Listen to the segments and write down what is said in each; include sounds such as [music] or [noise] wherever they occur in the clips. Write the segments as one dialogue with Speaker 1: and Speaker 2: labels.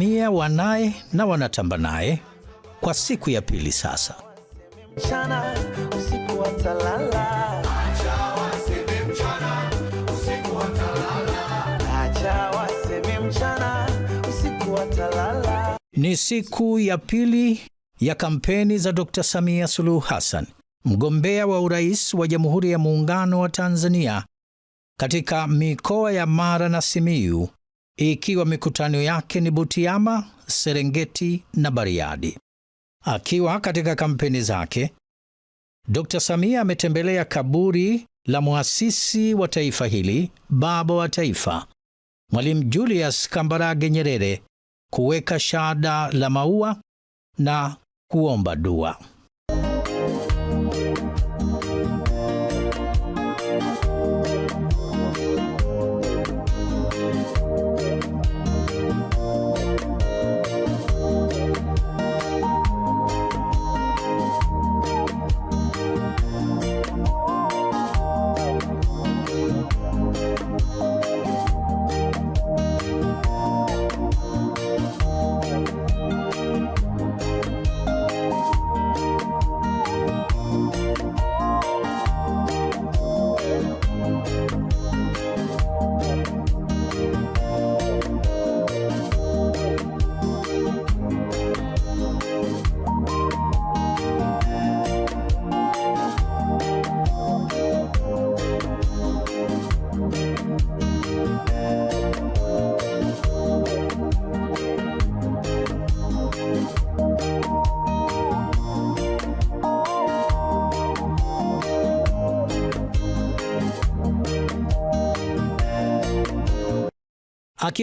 Speaker 1: Samia wanaye na wanatamba naye kwa siku ya pili sasa. Ni siku ya pili ya kampeni za Dr. Samia Suluhu Hassan, mgombea wa urais wa Jamhuri ya Muungano wa Tanzania katika mikoa ya Mara na Simiyu ikiwa mikutano yake ni Butiama, Serengeti na Bariadi. Akiwa katika kampeni zake, Dr. Samia ametembelea kaburi la muasisi wa taifa hili, baba wa taifa Mwalimu Julius Kambarage Nyerere, kuweka shada la maua na kuomba dua.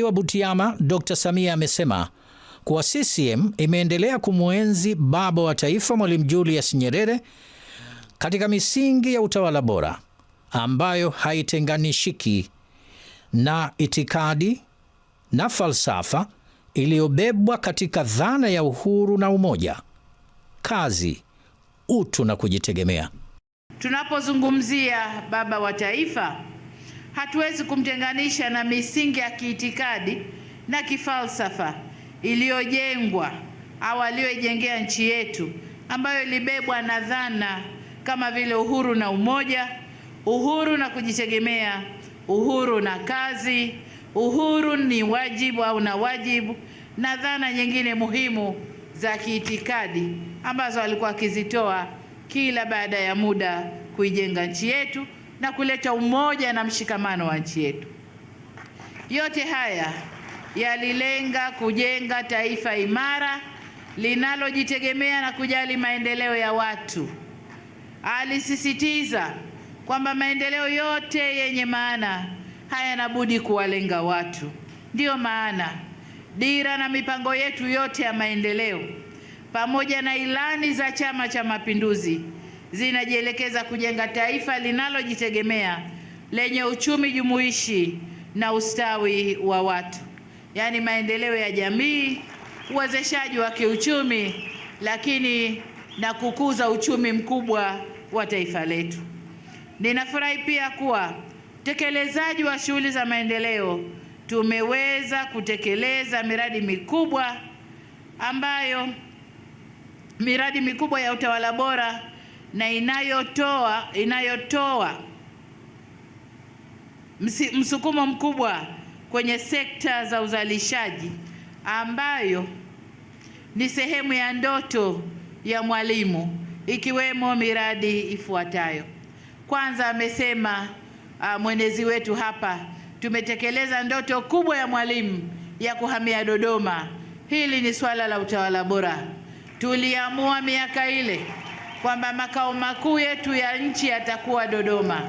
Speaker 1: wa Butiama, Dr. Samia amesema kuwa CCM imeendelea kumwenzi baba wa taifa Mwalimu Julius Nyerere katika misingi ya utawala bora ambayo haitenganishiki na itikadi na falsafa iliyobebwa katika dhana ya uhuru na umoja, kazi, utu na kujitegemea. Tunapozungumzia baba wa taifa hatuwezi kumtenganisha na misingi ya kiitikadi na kifalsafa iliyojengwa au aliyoijengea nchi yetu ambayo ilibebwa na dhana kama vile uhuru na umoja, uhuru na kujitegemea, uhuru na kazi, uhuru ni wajibu au na wajibu, na dhana nyingine muhimu za kiitikadi ambazo alikuwa akizitoa kila baada ya muda kuijenga nchi yetu na kuleta umoja na mshikamano wa nchi yetu. Yote haya yalilenga kujenga taifa imara linalojitegemea na kujali maendeleo ya watu. Alisisitiza kwamba maendeleo yote yenye maana hayana budi kuwalenga watu. Ndiyo maana dira na mipango yetu yote ya maendeleo pamoja na ilani za Chama cha Mapinduzi zinajielekeza kujenga taifa linalojitegemea lenye uchumi jumuishi na ustawi wa watu, yaani maendeleo ya jamii, uwezeshaji wa kiuchumi, lakini na kukuza uchumi mkubwa wa taifa letu. Ninafurahi pia kuwa utekelezaji wa shughuli za maendeleo, tumeweza kutekeleza miradi mikubwa ambayo miradi mikubwa ya utawala bora na inayotoa inayotoa msukumo mkubwa kwenye sekta za uzalishaji ambayo ni sehemu ya ndoto ya mwalimu ikiwemo miradi ifuatayo. Kwanza amesema uh, mwenezi wetu hapa, tumetekeleza ndoto kubwa ya mwalimu ya kuhamia Dodoma. Hili ni swala la utawala bora, tuliamua miaka ile kwamba makao makuu yetu ya nchi yatakuwa Dodoma.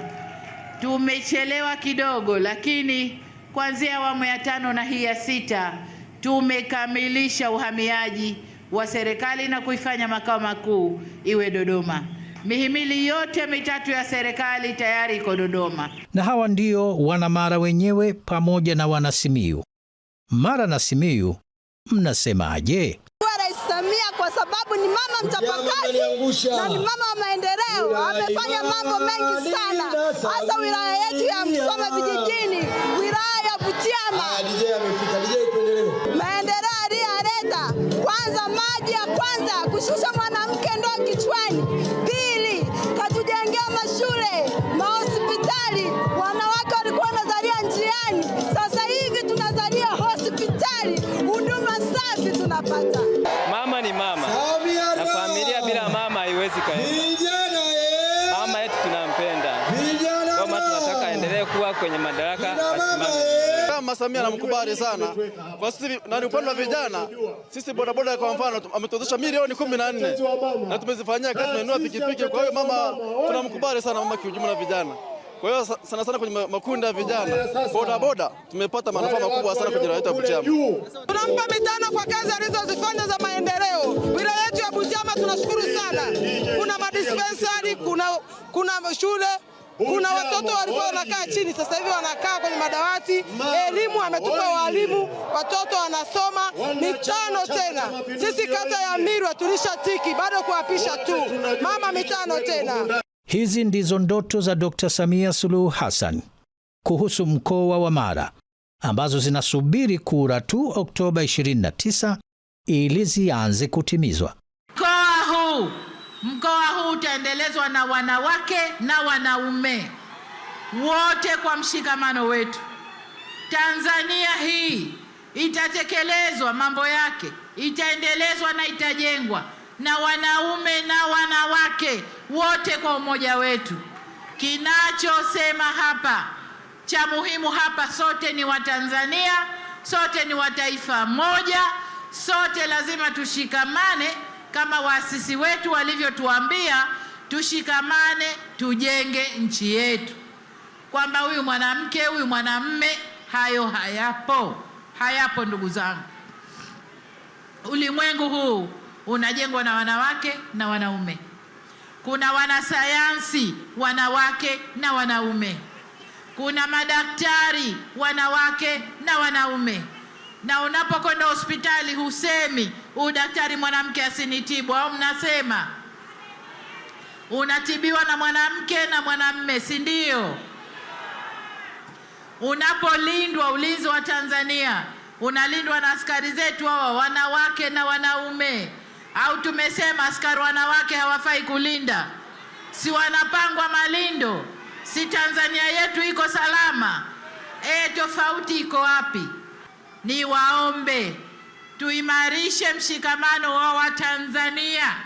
Speaker 1: Tumechelewa kidogo, lakini kuanzia awamu ya tano na hii ya sita tumekamilisha uhamiaji wa serikali na kuifanya makao makuu iwe Dodoma. Mihimili yote mitatu ya serikali tayari iko Dodoma.
Speaker 2: Na hawa ndio wanamara wenyewe pamoja na wanasimiu Mara na Simiyu, mnasemaje?
Speaker 1: sababu ni mama mchapakazi na ni mama wa maendeleo. Amefanya mambo mengi sana, hasa wilaya yetu ya Msoma vijijini, wilaya ya Butiama. Maendeleo aliyaleta, kwanza maji ya kwanza kushusha
Speaker 3: kuwa kwenye madaraka asimame. Eh!
Speaker 4: Samia anamkubali sana kwa sisi, na upande wa vijana sisi bodaboda kwa mfano ametuwezesha milioni kumi na nne na tumezifanyia kazi, tumeinua pikipiki. Kwa hiyo mama tunamkubali sana mama kiujumla vijana kwa hiyo sana sana kwenye makundi ya vijana bodaboda tumepata manufaa makubwa sana kwenye wilaya yetu ya Butiama.
Speaker 1: Tunampa mitano kwa kazi alizozifanya za maendeleo wilaya yetu ya Butiama, tunashukuru sana. Kuna madispensari, kuna, kuna shule kuna watoto walikuwa wanakaa chini, sasa hivi wanakaa kwenye madawati. Elimu ametupa walimu, watoto wanasoma mitano tena. Sisi kata ya Mirwa tulisha tiki, bado kuapisha tu mama mitano tena.
Speaker 2: Hizi ndizo ndoto za Dkt. Samia Suluhu Hassan kuhusu mkoa wa Mara ambazo zinasubiri kura tu Oktoba 29 ili zianze kutimizwa.
Speaker 1: Mkoa huu mkoa utaendelezwa na wanawake na wanaume wote kwa mshikamano wetu. Tanzania hii itatekelezwa mambo yake, itaendelezwa na itajengwa na wanaume na wanawake wote kwa umoja wetu. Kinachosema hapa cha muhimu hapa, sote ni Watanzania, sote ni wa taifa moja, sote lazima tushikamane kama waasisi wetu walivyotuambia, tushikamane, tujenge nchi yetu, kwamba huyu mwanamke, huyu mwanamme, hayo hayapo, hayapo ndugu zangu. Ulimwengu huu unajengwa na wanawake na wanaume. Kuna wanasayansi wanawake na wanaume, kuna madaktari wanawake na wanaume na unapokwenda hospitali husemi huyu daktari mwanamke asinitibu, au mnasema? Unatibiwa na mwanamke na mwanamme, si ndio? Unapolindwa ulinzi wa Tanzania unalindwa na askari zetu hawa wanawake na wanaume, au tumesema askari wanawake hawafai kulinda? Si wanapangwa malindo? Si Tanzania yetu iko salama? E, tofauti iko wapi? Niwaombe tuimarishe mshikamano wa Watanzania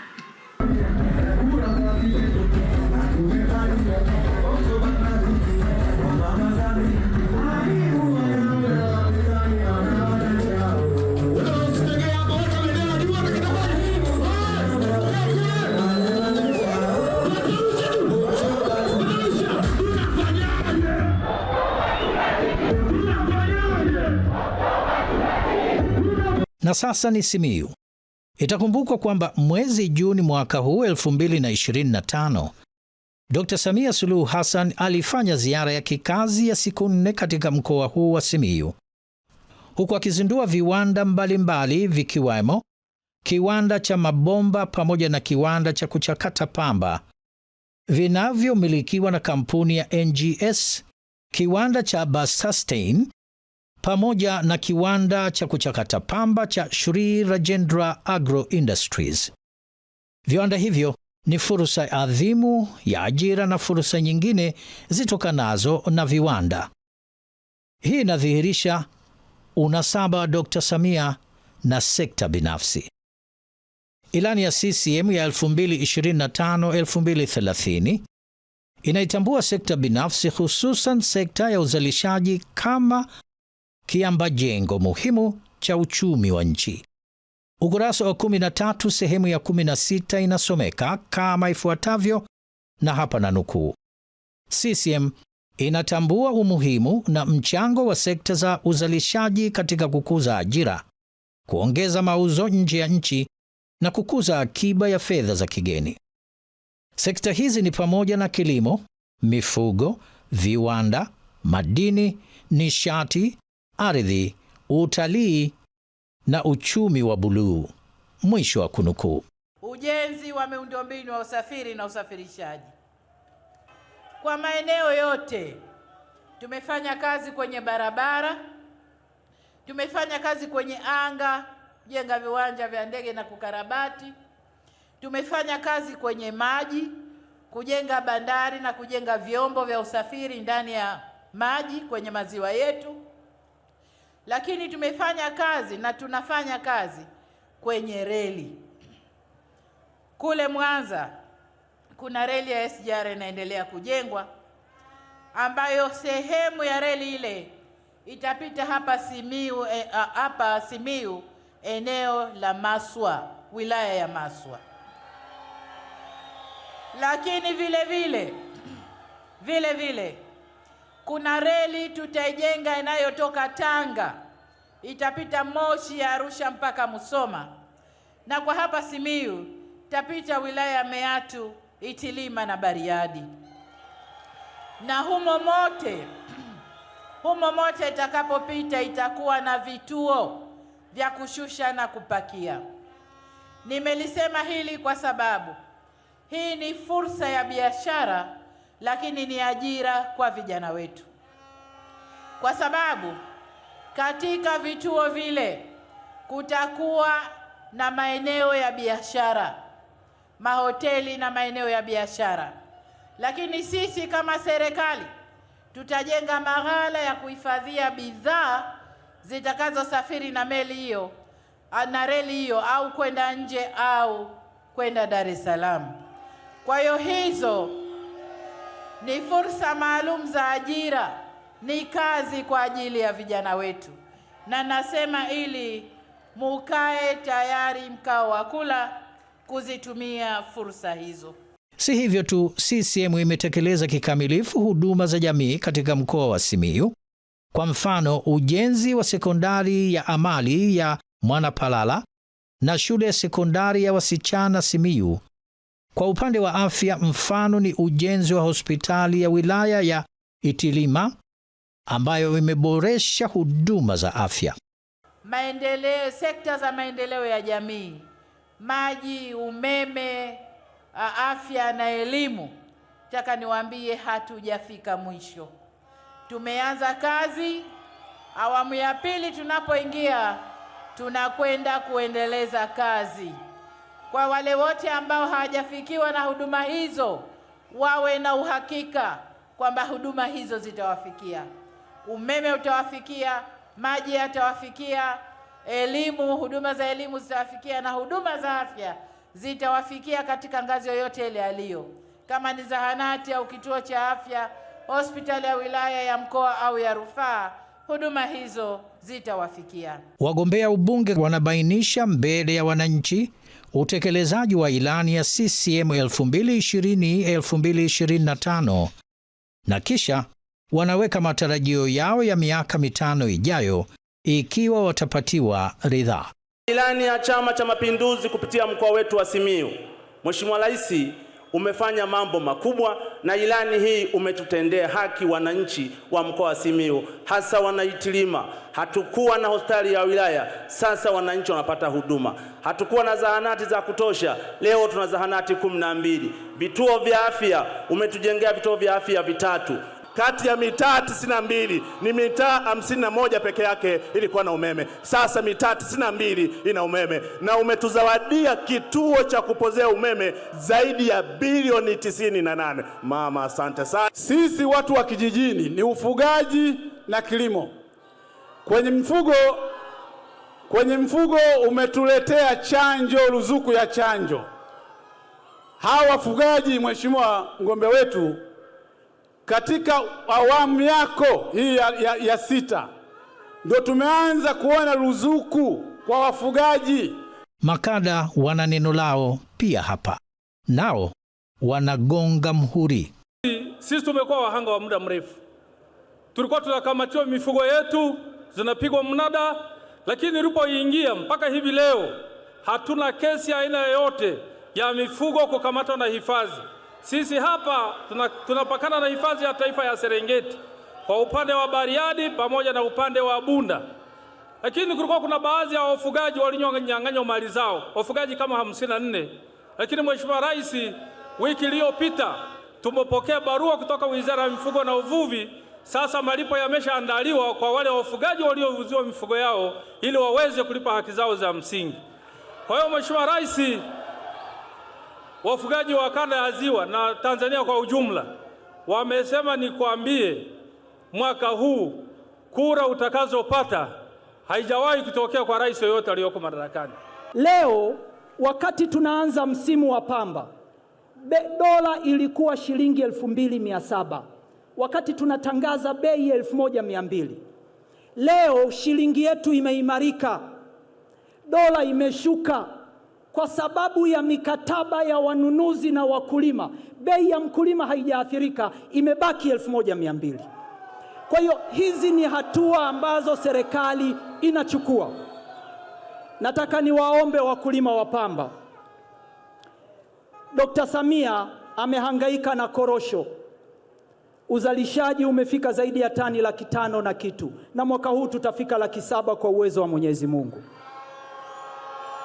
Speaker 2: na sasa ni Simiyu. Itakumbukwa kwamba mwezi Juni mwaka huu 2025 Dr. Samia Suluhu Hassan alifanya ziara ya kikazi ya siku nne katika mkoa huu wa Simiyu huku akizindua viwanda mbalimbali vikiwemo kiwanda cha mabomba pamoja na kiwanda cha kuchakata pamba vinavyomilikiwa na kampuni ya NGS, kiwanda cha basastein pamoja na kiwanda cha kuchakata pamba cha Shri Rajendra Agro Industries. Viwanda hivyo ni fursa adhimu ya ajira na fursa nyingine zitokanazo na viwanda. Hii inadhihirisha unasaba wa Dr. Samia na sekta binafsi. Ilani ya CCM ya 2025-2030 inaitambua sekta binafsi, hususan sekta ya uzalishaji kama kiamba jengo muhimu cha uchumi wa nchi. Ukurasa wa 13 sehemu ya 16 inasomeka kama ifuatavyo, na hapa na nukuu: CCM inatambua umuhimu na mchango wa sekta za uzalishaji katika kukuza ajira, kuongeza mauzo nje ya nchi na kukuza akiba ya fedha za kigeni. Sekta hizi ni pamoja na kilimo, mifugo, viwanda, madini, nishati, ardhi, utalii na uchumi wa buluu. Mwisho wa kunukuu.
Speaker 1: Ujenzi wa miundombinu ya usafiri na usafirishaji kwa maeneo yote. Tumefanya kazi kwenye barabara, tumefanya kazi kwenye anga, kujenga viwanja vya ndege na kukarabati, tumefanya kazi kwenye maji, kujenga bandari na kujenga vyombo vya usafiri ndani ya maji kwenye maziwa yetu lakini tumefanya kazi na tunafanya kazi kwenye reli. Kule Mwanza kuna reli ya SGR inaendelea kujengwa, ambayo sehemu ya reli ile itapita hapa Simiu, e, a, hapa Simiu eneo la Maswa, wilaya ya Maswa. Lakini vile vile vile vile kuna reli tutaijenga inayotoka Tanga itapita Moshi ya Arusha mpaka Musoma, na kwa hapa Simiyu itapita wilaya ya Meatu, Itilima na Bariadi, na humo mote [clears throat] humo mote itakapopita itakuwa na vituo vya kushusha na kupakia. Nimelisema hili kwa sababu hii ni fursa ya biashara, lakini ni ajira kwa vijana wetu, kwa sababu katika vituo vile kutakuwa na maeneo ya biashara, mahoteli na maeneo ya biashara, lakini sisi kama serikali tutajenga maghala ya kuhifadhia bidhaa zitakazosafiri na meli hiyo na reli hiyo au kwenda nje au kwenda Dar es Salaam. Kwa hiyo hizo ni fursa maalum za ajira ni kazi kwa ajili ya vijana wetu, na nasema ili mukae tayari mkao wa kula kuzitumia fursa hizo.
Speaker 2: Si hivyo tu, CCM imetekeleza kikamilifu huduma za jamii katika mkoa wa Simiyu. Kwa mfano, ujenzi wa sekondari ya amali ya Mwanapalala na shule ya sekondari ya wasichana Simiyu. Kwa upande wa afya, mfano ni ujenzi wa hospitali ya wilaya ya Itilima ambayo imeboresha huduma za afya,
Speaker 1: maendeleo, sekta za maendeleo ya jamii, maji, umeme, afya na elimu. Nataka niwaambie hatujafika mwisho. Tumeanza kazi, awamu ya pili tunapoingia, tunakwenda kuendeleza kazi. Kwa wale wote ambao hawajafikiwa na huduma hizo, wawe na uhakika kwamba huduma hizo zitawafikia umeme utawafikia, maji yatawafikia, elimu, huduma za elimu zitawafikia, na huduma za afya zitawafikia katika ngazi yoyote ile aliyo, kama ni zahanati au kituo cha afya, hospitali ya wilaya, ya mkoa au ya rufaa huduma hizo zitawafikia.
Speaker 2: Wagombea ubunge wanabainisha mbele ya wananchi utekelezaji wa ilani ya CCM 2020-2025 na kisha wanaweka matarajio yao ya miaka mitano ijayo ikiwa watapatiwa ridhaa.
Speaker 5: Ilani ya Chama cha Mapinduzi kupitia mkoa wetu wa Simiyu, Mheshimiwa Rais umefanya mambo makubwa, na ilani hii umetutendea haki wananchi wa mkoa wa Simiyu, hasa wanaitilima. Hatukuwa na hospitali ya wilaya, sasa wananchi wanapata huduma. Hatukuwa na zahanati za kutosha, leo tuna zahanati kumi na mbili. Vituo vya afya, umetujengea vituo vya afya vitatu
Speaker 6: kati ya mitaa tisini na mbili ni mitaa hamsini na moja peke yake ilikuwa na umeme. Sasa mitaa tisini na mbili ina umeme, na umetuzawadia kituo cha kupozea umeme zaidi ya bilioni tisini na nane.
Speaker 7: Mama, asante sana.
Speaker 8: Sisi watu wa kijijini ni ufugaji na kilimo. Kwenye mfugo, kwenye mfugo umetuletea chanjo, ruzuku ya chanjo. Hawa wafugaji, mheshimiwa, ng'ombe wetu katika awamu yako hii ya, ya, ya sita ndio tumeanza kuona ruzuku kwa wafugaji.
Speaker 2: Makada wana neno lao pia hapa, nao wanagonga mhuri.
Speaker 9: Sisi tumekuwa wahanga wa muda mrefu, tulikuwa tunakamatiwa mifugo yetu zinapigwa mnada, lakini ilipoingia mpaka hivi leo hatuna kesi aina yoyote ya mifugo kukamatwa na hifadhi. Sisi hapa tunapakana na hifadhi ya taifa ya Serengeti kwa upande wa Bariadi pamoja na upande wa Bunda, lakini kulikuwa kuna baadhi ya wafugaji walinyang'anywa mali zao, wafugaji kama hamsini na nne. Lakini Mheshimiwa Rais, wiki iliyopita tumepokea barua kutoka Wizara ya Mifugo na Uvuvi. Sasa malipo yameshaandaliwa kwa wale wafugaji waliouziwa mifugo yao ili waweze kulipa haki zao za msingi. Kwa hiyo Mheshimiwa Rais Wafugaji wa kanda ya Ziwa na Tanzania kwa ujumla wamesema, nikwambie, mwaka huu kura utakazopata haijawahi kutokea kwa rais yoyote aliyoko madarakani.
Speaker 10: Leo wakati tunaanza msimu wa pamba, dola ilikuwa shilingi elfu mbili mia saba wakati tunatangaza bei elfu moja mia mbili Leo shilingi yetu imeimarika, dola imeshuka kwa sababu ya mikataba ya wanunuzi na wakulima, bei ya mkulima haijaathirika, imebaki elfu moja mia mbili. Kwa hiyo hizi ni hatua ambazo serikali inachukua. Nataka niwaombe wakulima wa pamba. Dkt. Samia amehangaika na korosho, uzalishaji umefika zaidi ya tani laki tano na kitu, na mwaka huu tutafika laki saba kwa uwezo wa Mwenyezi Mungu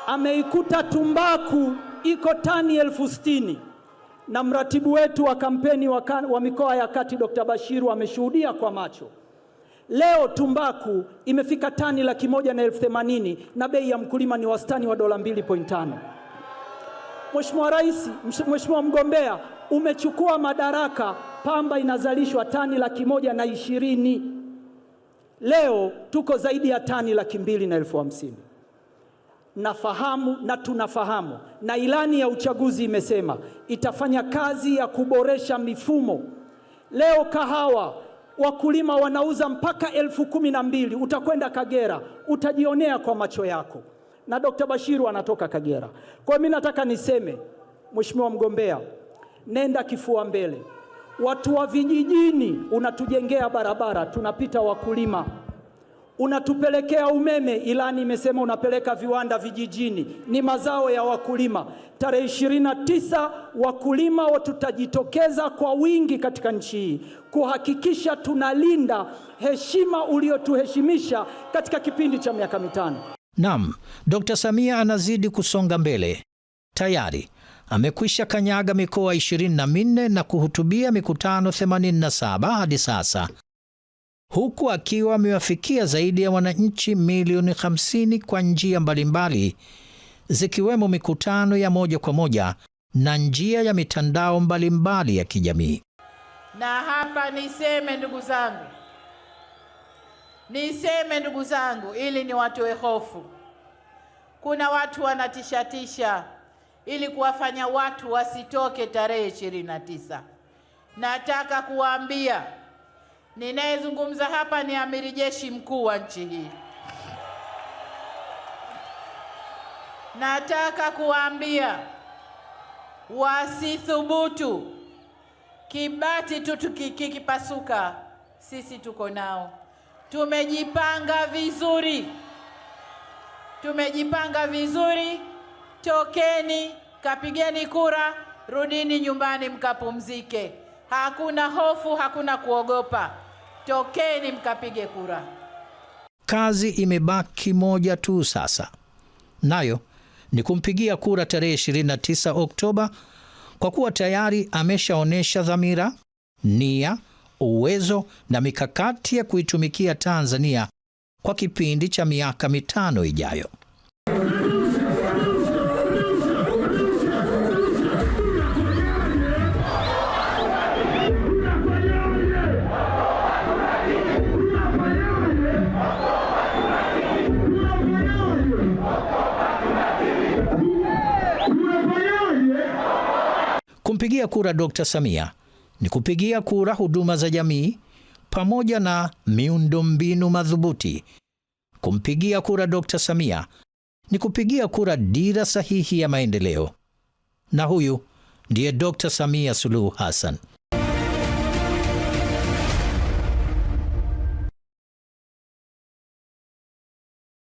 Speaker 10: ameikuta tumbaku iko tani elfu sitini na mratibu wetu wa kampeni wa, kan, wa mikoa ya kati Dr. Bashiru ameshuhudia kwa macho. Leo tumbaku imefika tani laki moja na elfu themanini na bei ya mkulima ni wastani wa dola 2.5. Mheshimiwa Rais, Mheshimiwa mgombea, umechukua madaraka, pamba inazalishwa tani laki moja na ishirini, leo tuko zaidi ya tani laki mbili na elfu hamsini nafahamu na tunafahamu, na ilani ya uchaguzi imesema itafanya kazi ya kuboresha mifumo. Leo kahawa wakulima wanauza mpaka elfu kumi na mbili. Utakwenda Kagera utajionea kwa macho yako, na Dr. Bashiru anatoka Kagera. Kwa mimi nataka niseme, mheshimiwa mgombea, nenda kifua mbele. Watu wa vijijini unatujengea barabara, tunapita wakulima unatupelekea umeme. Ilani imesema unapeleka viwanda vijijini, ni mazao ya wakulima. Tarehe ishirini na tisa wakulima tutajitokeza kwa wingi katika nchi hii kuhakikisha tunalinda heshima uliotuheshimisha katika kipindi cha miaka mitano.
Speaker 2: Naam, Dr. Samia anazidi kusonga mbele. Tayari amekwisha kanyaga mikoa 24 na kuhutubia mikutano 87 hadi sasa huku akiwa amewafikia zaidi ya wananchi milioni 50 kwa njia mbalimbali zikiwemo mikutano ya moja kwa moja na njia ya mitandao mbalimbali ya kijamii.
Speaker 1: Na hapa niseme ndugu zangu, niseme ndugu zangu, ili niwatoe hofu. Kuna watu wanatishatisha ili kuwafanya watu wasitoke tarehe 29. Nataka kuwaambia Ninayezungumza hapa ni amiri jeshi mkuu wa nchi hii. Nataka kuwaambia wasithubutu. Kibati tu kikipasuka, sisi tuko nao. Tumejipanga vizuri, tumejipanga vizuri. Tokeni kapigeni kura, rudini nyumbani mkapumzike. Hakuna hofu, hakuna kuogopa tokeni mkapige kura.
Speaker 2: Kazi imebaki moja tu sasa, nayo ni kumpigia kura tarehe 29 Oktoba, kwa kuwa tayari ameshaonyesha dhamira, nia, uwezo na mikakati ya kuitumikia Tanzania kwa kipindi cha miaka mitano ijayo. Kumpigia kura Dkt. Samia ni kupigia kura huduma za jamii pamoja na miundombinu madhubuti. Kumpigia kura Dkt. Samia ni kupigia kura dira sahihi ya maendeleo, na huyu ndiye Dkt. Samia Suluhu Hassan.